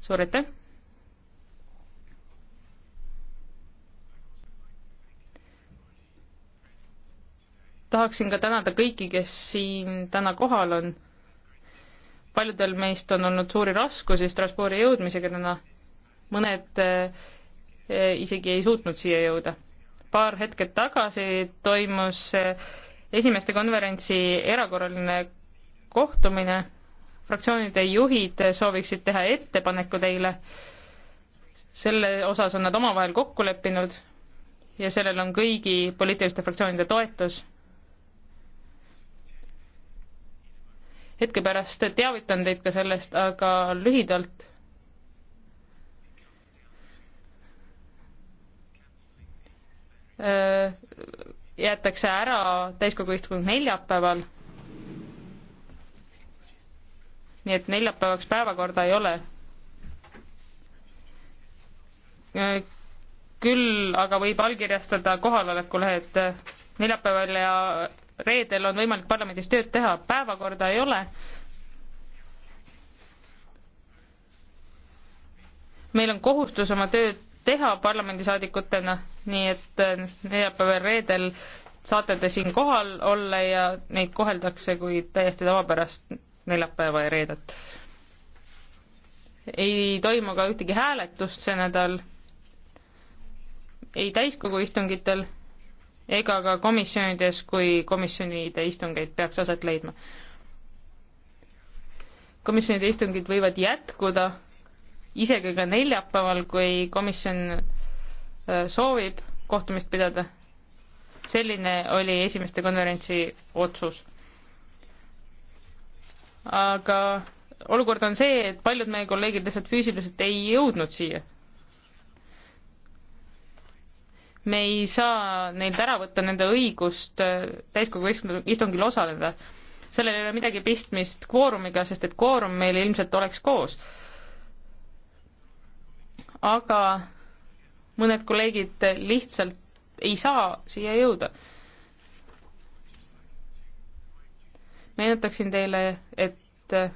suur aitäh! tahaksin ka tänada kõiki, kes siin täna kohal on. paljudel meist on olnud suuri raskusi Strasbourgi jõudmisega täna, mõned eh, isegi ei suutnud siia jõuda. paar hetket tagasi toimus eh, esimeste konverentsi erakorraline kohtumine fraktsioonide juhid sooviksid teha ettepaneku teile, selle osas on nad omavahel kokku leppinud ja sellel on kõigi poliitiliste fraktsioonide toetus. hetke pärast teavitan teid ka sellest, aga lühidalt äh, jäetakse ära täiskogu istung neljapäeval nii et neljapäevaks päevakorda ei ole. küll aga võib allkirjastada kohaloleku lehed. neljapäeval ja reedel on võimalik parlamendis tööd teha, päevakorda ei ole. meil on kohustus oma tööd teha parlamendisaadikutena, nii et neljapäeval, reedel saate te siin kohal olla ja neid koheldakse kui täiesti tavapärast neljapäeva ja reedet. ei toimu ka ühtegi hääletust see nädal, ei täiskogu istungitel ega ka komisjonides, kui komisjonide istungeid peaks aset leidma. komisjonide istungid võivad jätkuda isegi ka neljapäeval, kui komisjon äh, soovib kohtumist pidada. selline oli esimeste konverentsi otsus aga olukord on see, et paljud meie kolleegid lihtsalt füüsiliselt ei jõudnud siia. me ei saa neilt ära võtta nende õigust äh, täiskogu istungil osaleda. sellel ei ole midagi pistmist kvoorumiga, sest et kvoorum meil ilmselt oleks koos. aga mõned kolleegid lihtsalt ei saa siia jõuda meenutaksin teile, et eh,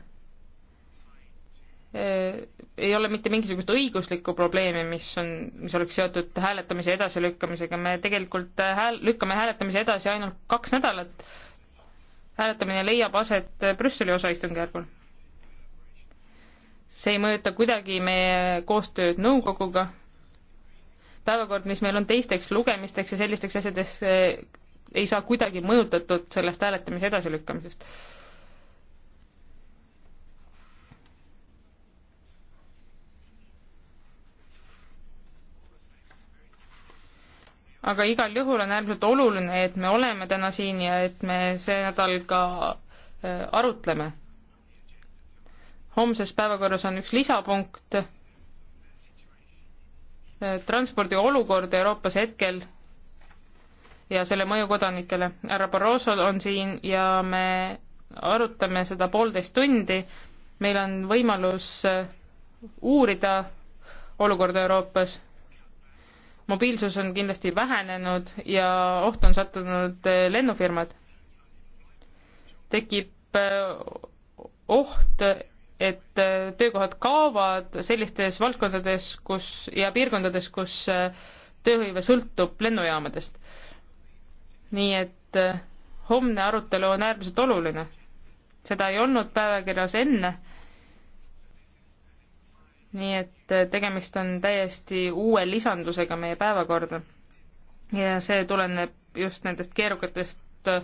ei ole mitte mingisugust õiguslikku probleemi, mis on, mis oleks seotud hääletamise edasilükkamisega, me tegelikult eh, hääl-, lükkame hääletamise edasi ainult kaks nädalat, hääletamine leiab aset eh, Brüsseli osaistungjärgul. see ei mõjuta kuidagi meie koostööd nõukoguga, päevakord, mis meil on teisteks lugemisteks ja sellisteks asjadeks, ei saa kuidagi mõjutatud sellest hääletamise edasilükkamisest. aga igal juhul on äärmiselt oluline, et me oleme täna siin ja et me see nädal ka äh, arutleme. homses päevakorras on üks lisapunkt, äh, transpordi olukord Euroopas hetkel ja selle mõju kodanikele. härra Barroso on siin ja me arutame seda poolteist tundi. meil on võimalus äh, uurida olukorda Euroopas. mobiilsus on kindlasti vähenenud ja ohtu on sattunud äh, lennufirmad. tekib äh, oht, et töökohad kaovad sellistes valdkondades, kus ja piirkondades, kus tööhõive sõltub lennujaamadest nii et äh, homne arutelu on äärmiselt oluline. seda ei olnud päevakirjas enne. nii et äh, tegemist on täiesti uue lisandusega meie päevakorda. ja see tuleneb just nendest keerukatest äh,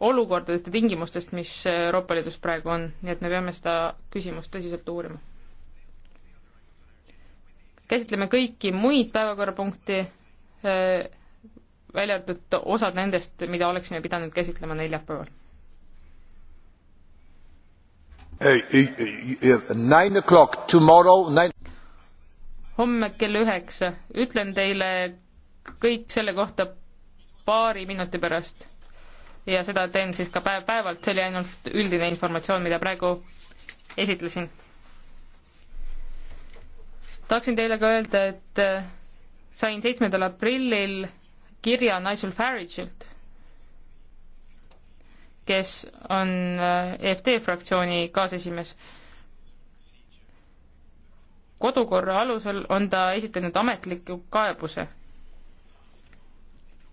olukordadest ja tingimustest, mis Euroopa Liidus praegu on, nii et me peame seda küsimust tõsiselt uurima. käsitleme kõiki muid päevakorrapunkti välja arvatud osad nendest, mida oleksime pidanud käsitlema neljapäeval. homme kell üheksa, ütlen teile kõik selle kohta paari minuti pärast. ja seda teen siis ka päev päevalt, see oli ainult üldine informatsioon, mida praegu esitlesin. tahaksin teile ka öelda, et äh, sain seitsmendal aprillil kirja Nigel Farage'ilt, kes on äh, EFD fraktsiooni kaasesimees. kodukorra alusel on ta esitanud ametliku kaebuse.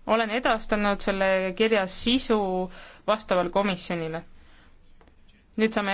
olen edastanud selle kirja sisu vastavale komisjonile. nüüd saame